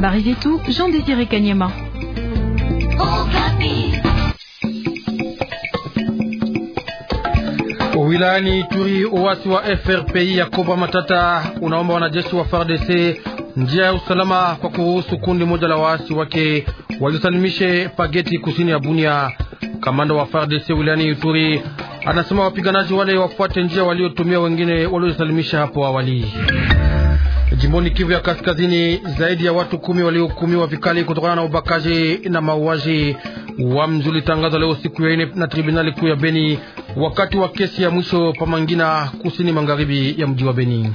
Marie tout, Jean Désiré Kanyama. Wilayani Ituri, uasi wa FRPI ya Koba Matata unaomba wanajeshi wa FARDC njia ya usalama kwa kuruhusu kundi moja la waasi wake wajisalimishe Pageti, kusini ya Bunia. Kamanda wa FARDC wilayani Ituri anasema wapiganaji wale wafuate njia waliotumia wengine waliojisalimisha hapo awali. Jimboni Kivu ya Kaskazini, zaidi ya watu kumi waliohukumiwa vikali kutokana na ubakaji na mauaji wa mji ulitangazwa leo siku ya ine na tribunali kuu ya Beni wakati wa kesi ya mwisho Pamangina, kusini magharibi ya mji wa Beni.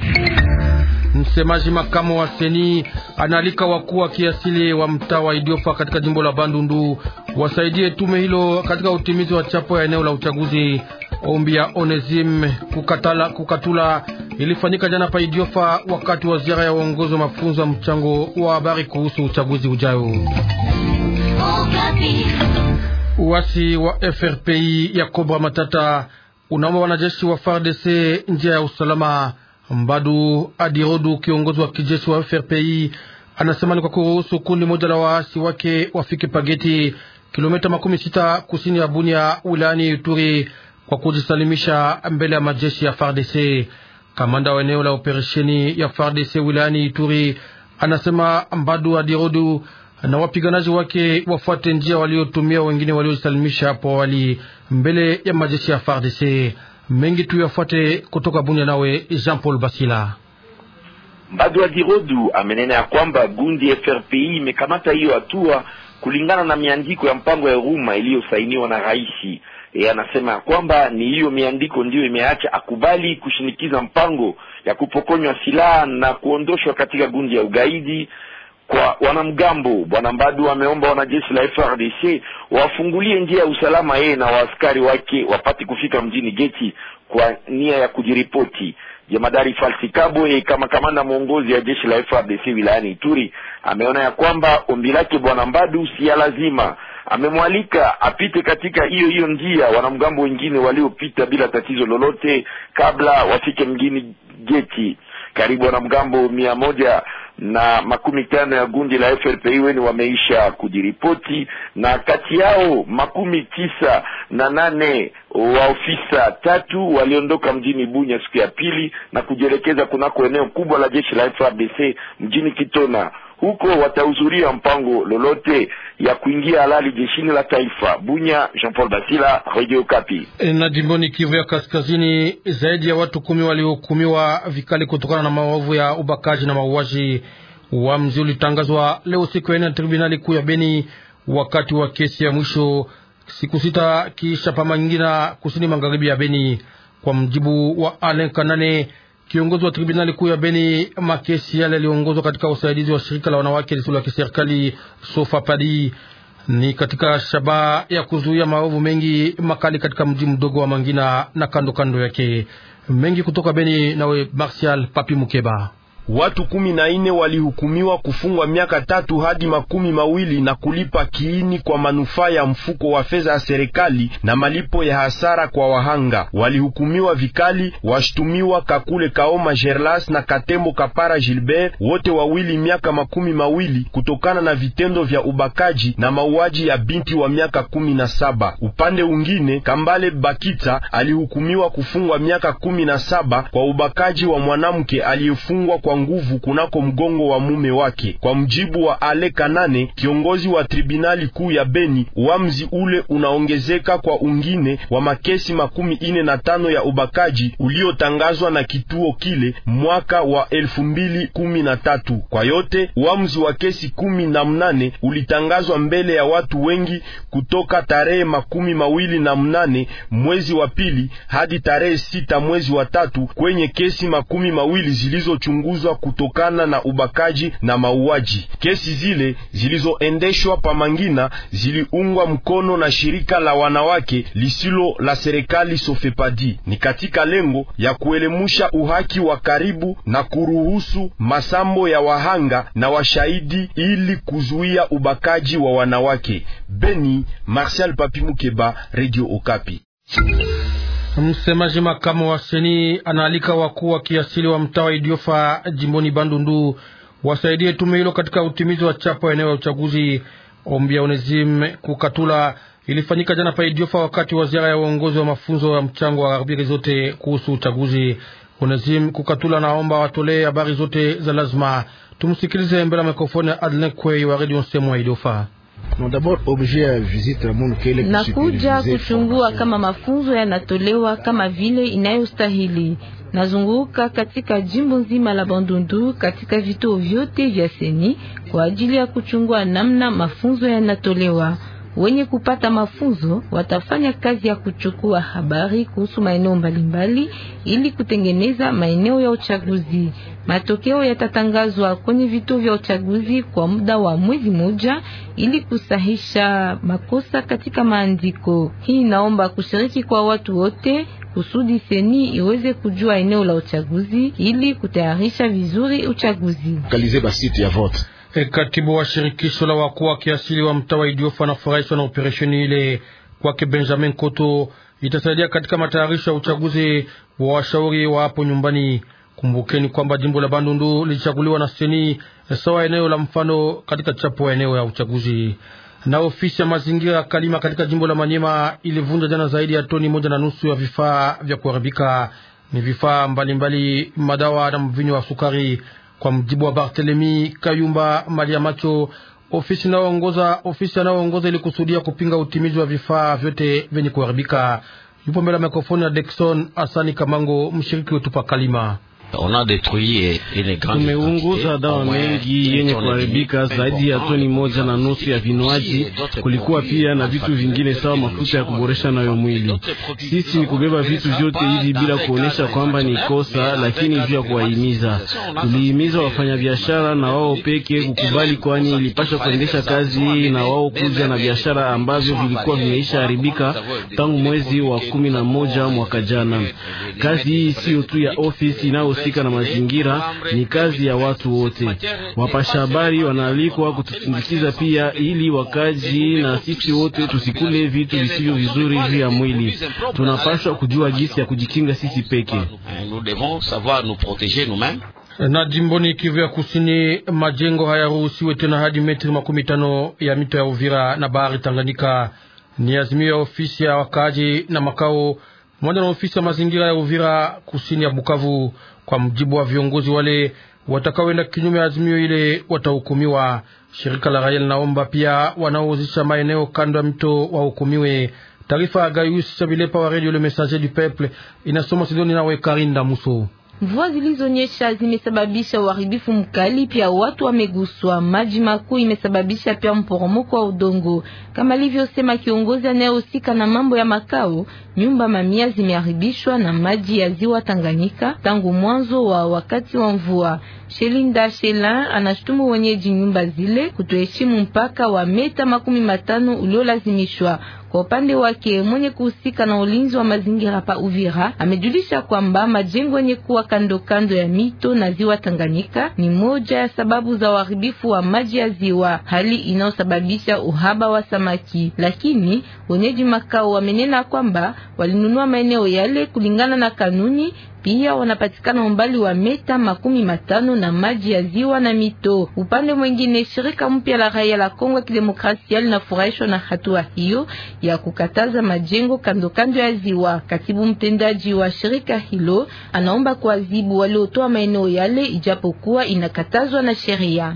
Msemaji makamo wa seni anaalika wakuu wa kiasili wa mtaa wa Idiofa katika jimbo la Bandundu wasaidie tume hilo katika utimizi wa chapo ya eneo la uchaguzi. Ombi ya Onesime kukatala, kukatula ilifanyika jana pa Idiofa wakati wa ziara ya uongozi wa mafunzo ya mchango wa habari kuhusu uchaguzi ujayo. Uasi wa FRPI ya Kobra Matata unaomba wanajeshi wa FARDC njia ya usalama. Mbadu Adirodu, kiongozi wa kijeshi wa FRPI, anasema ni kwa kuruhusu kundi moja la waasi wake wafike Pageti, kilomita makumi sita kusini ya Bunia wilayani Ituri, kwa kujisalimisha mbele ya majeshi ya FARDC. Kamanda wa eneo la operesheni ya FARDC wilayani Ituri anasema Mbadu Adirodu na wapiganaji wake wafuate njia waliotumia wengine waliosalimisha hapo awali mbele ya majeshi ya FARDC. Mengi tu yafuate kutoka Bunya, nawe Jean Paul Basila. Mbadu Adirodu amenena ya kwamba gundi FRPI imekamata hiyo hatua kulingana na miandiko ya mpango ya Ruma iliyosainiwa na raisi E, anasema ya kwamba ni hiyo miandiko ndiyo imeacha akubali kushinikiza mpango ya kupokonywa silaha na kuondoshwa katika gundi ya ugaidi kwa wanamgambo. Bwana Mbadu ameomba wanajeshi la FRDC wafungulie njia ya usalama yeye na waaskari wake wapate kufika mjini Geti kwa nia ya kujiripoti. Jemadari Falsi Kabwe kama kamanda mwongozi ya jeshi la FRDC wilayani Ituri ameona ya kwamba ombi lake Bwana Mbadu si lazima amemwalika apite katika hiyo hiyo njia wanamgambo wengine waliopita bila tatizo lolote kabla wafike mjini Geti. Karibu wanamgambo mia moja na makumi tano ya gundi la FRPI weni wameisha kujiripoti, na kati yao makumi tisa na nane waofisa tatu waliondoka mjini Bunya siku ya pili na kujielekeza kunako eneo kubwa la jeshi la frdc mjini Kitona huko watahudhuria mpango lolote ya kuingia halali jeshini la taifa. Bunya, Jean Paul Basila, Radio Kapi. Eh, na jimboni Kivu ya Kaskazini, zaidi ya watu kumi waliohukumiwa vikali kutokana na maovu ya ubakaji na mauaji. Uamuzi ulitangazwa leo siku ya na tribunali kuu ya Beni wakati wa kesi ya mwisho siku sita kiisha pama nyingine kusini magharibi ya Beni, kwa mjibu wa Alain Kanane Kiongozi wa tribunali kuu ya Beni, makesi yale yaliongozwa katika usaidizi wa shirika la wanawake lisilo la kiserikali Sofapadi ni katika shabaha ya kuzuia maovu mengi makali katika mji mdogo wa Mangina na kando kando yake. Mengi kutoka Beni, nawe Martial Papi Mukeba watu kumi na ine walihukumiwa kufungwa miaka tatu hadi makumi mawili na kulipa kiini kwa manufaa ya mfuko wa fedha ya serikali na malipo ya hasara kwa wahanga. Walihukumiwa vikali washtumiwa Kakule Kaoma Gerlas na Katembo Kapara Gilbert, wote wawili miaka makumi mawili kutokana na vitendo vya ubakaji na mauaji ya binti wa miaka kumi na saba. Upande ungine, Kambale Bakita alihukumiwa kufungwa miaka kumi na saba kwa ubakaji wa mwanamke aliyefungwa kwa nguvu kunako mgongo wa mume wake. Kwa mjibu wa Ale Kanane, kiongozi wa tribunali kuu ya Beni, uamzi ule unaongezeka kwa ungine wa makesi makumi ine na tano ya ubakaji uliotangazwa na kituo kile mwaka wa elfu mbili kumi na tatu. Kwa yote uamzi wa kesi kumi na mnane ulitangazwa mbele ya watu wengi kutoka tarehe makumi mawili na mnane mwezi wa pili hadi tarehe sita mwezi wa tatu kwenye kesi makumi mawili zilizochunguzwa kuchunguzwa kutokana na ubakaji na mauaji. Kesi zile zilizoendeshwa pa Mangina ziliungwa mkono na shirika la wanawake lisilo la serikali Sofepadi. Ni katika lengo ya kuelemusha uhaki wa karibu na kuruhusu masambo ya wahanga na washahidi ili kuzuia ubakaji wa wanawake. Beni, Martial Papimukeba, Radio Okapi. Msemaji makamu wa seni anaalika wakuu wa kiasili wa mtaa wa Idiofa jimboni Bandundu wasaidie tume hilo katika utimizi wa chapa eneo ya uchaguzi. Ombi ya Onesime Kukatula ilifanyika jana pa Idiofa wakati wa ziara ya uongozi wa mafunzo ya mchango wa arbiri zote kuhusu uchaguzi. Onesime Kukatula naomba watolee habari zote za lazima. Tumsikilize mbele ya mikrofoni ya Adlin Kwei wa redio Nsemo wa Idiofa nakuja kuchungua kama mafunzo yanatolewa kama vile inayostahili. Nazunguka katika jimbo nzima la Bandundu katika vituo vyote vya seni kwa ajili ya kuchungua namna mafunzo yanatolewa wenye kupata mafunzo watafanya kazi ya kuchukua habari kuhusu maeneo mbalimbali ili kutengeneza maeneo ya uchaguzi. Matokeo yatatangazwa kwenye vituo vya uchaguzi kwa muda wa mwezi mmoja ili kusahisha makosa katika maandiko. Hii inaomba kushiriki kwa watu wote kusudi seni iweze kujua eneo la uchaguzi ili kutayarisha vizuri uchaguzi. Kalize ya vote. Katibu wa shirikisho la wakuu wa kiasili wa mtaa wa Idiofa anafurahishwa na operesheni ile. Kwake Benjamin Koto itasaidia katika matayarisho ya uchaguzi wa washauri wa hapo nyumbani. Kumbukeni kwamba jimbo la Bandundu lilichaguliwa na seni sawa eneo la mfano katika chapo ya eneo ya uchaguzi. Na ofisi ya mazingira ya Kalima katika jimbo la Manyema ilivunja jana zaidi ya toni moja na nusu ya vifaa vya kuharibika, ni vifaa mbalimbali, madawa na mvinyo wa sukari. Kwa mjibu wa Barthelemy Kayumba Malia Macho, ofisi inayoongoza ofisi anayoongoza ilikusudia kupinga utimizi wa vifaa vyote vyenye kuharibika. Yupo mbele ya mikrofoni ya Dexon Asani Kamango, mshiriki wetu pa Kalima. Tumeunguza dawa mengi yenye kuharibika zaidi ya toni moja na nusu ya vinywaji. Kulikuwa pia na vitu vingine sawa mafuta ya kuboresha nayo mwili. Sisi ni kubeba vitu vyote hivi bila kuonyesha kwamba ni kosa, lakini juu ya kuwahimiza, tulihimiza wafanyabiashara na wao peke kukubali, kwani ilipasha kuendesha kazi hii na wao kuja na biashara ambavyo vilikuwa vimeisha haribika tangu mwezi wa kumi na moja mwaka jana. Kazi hii siyo tu ya ofisi inayo kuhusika na mazingira ni kazi ya watu wote. Wapasha habari wanaalikwa kutusindikiza pia, ili wakaji na sisi wote tusikule vitu visivyo vizuri juu ya mwili. Tunapaswa kujua jinsi ya kujikinga sisi peke na jimboni Kivu ya Kusini, majengo hayaruhusiwe tena hadi metri makumi tano ya mito ya Uvira na bahari Tanganyika. Ni azimio ya ofisi ya wakaaji na makao pamoja na ofisi ya mazingira ya Uvira kusini ya Bukavu. Kwa mjibu wa viongozi wale watakaoenda kinyume azimio ile watahukumiwa. Shirika la raia linaomba pia wanaouzisha maeneo kando ya mto wahukumiwe. Taarifa ya Gayus Chabilepa wa Radio Le Messager du Peuple inasoma Sidoni nawe Karinda Muso. Mvua zilizonyesha zimesababisha uharibifu mkali, pia watu wameguswa. Maji makuu imesababisha pia mporomoko wa udongo, kama alivyosema kiongozi anayehusika na mambo ya makao. Nyumba mamia zimeharibishwa na maji ya ziwa Tanganyika tangu mwanzo wa wakati wa mvua. Shelinda Shela anashutumu wenyeji nyumba zile kutoheshimu mpaka wa meta makumi matano uliolazimishwa kwa upande wake mwenye kuhusika na ulinzi wa mazingira pa Uvira amejulisha kwamba majengo yenye kuwa kando kando ya mito na ziwa Tanganyika ni moja ya sababu za uharibifu wa maji ya ziwa, hali inayosababisha uhaba wa samaki. Lakini wenyeji makao wamenena kwamba walinunua maeneo yale kulingana na kanuni pia wanapatikana umbali wa meta makumi matano na maji ya ziwa na mito. Upande mwingine, shirika mpya la raia la Kongo ya Kidemokrasia linafurahishwa na hatua hiyo ya kukataza majengo kando kando ya ziwa. Katibu mtendaji wa shirika hilo anaomba kuadhibu waliotoa maeneo yale, ijapokuwa inakatazwa na sheria.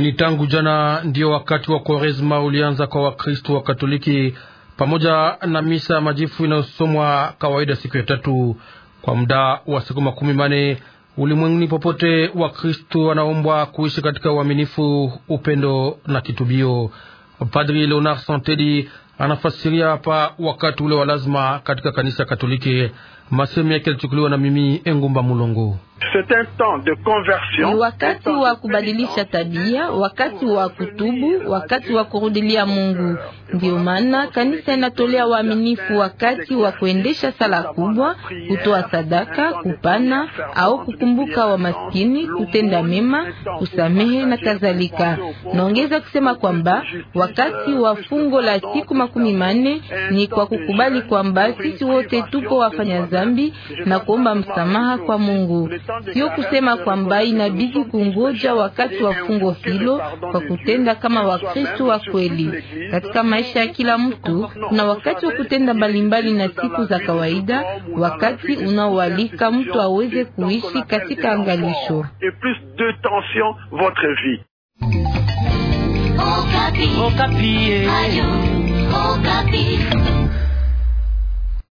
Ni tangu jana ndio wakati wa Kwaresma ulianza kwa Wakristo wa Katoliki pamoja na misa majifu inayosomwa kawaida siku ya tatu kwa muda wa siku makumi mane. Ulimwenguni popote Wakristo wanaombwa kuishi katika uaminifu, upendo na kitubio. Padri Leonard Santedi anafasiria hapa wakati ule wa lazima katika kanisa Katoliki Masemi yake alichukuliwa na mimi Engumba Mulongo. Ni wakati wa kubadilisha tabia, wakati wa kutubu, wakati wa kurudilia Mungu. Ndio maana kanisa inatolea waaminifu wakati wa kuendesha sala kubwa, kutoa sadaka, kupana au kukumbuka wa maskini, kutenda mema, kusamehe na kadhalika. Naongeza kusema kwamba wakati wa fungo la siku makumi manne ni kwa kukubali kwamba sisi wote tupo wafanya dhambi na kuomba msamaha kwa Mungu. Sio kusema kwamba inabidi kungoja wakati wa fungo hilo kwa kutenda kama Wakristo wa kweli. Katika maisha ya kila mtu kuna wakati wa kutenda mbalimbali na siku za kawaida, wakati unaoalika mtu aweze kuishi katika angalisho. Okapi. Okapi. Eh.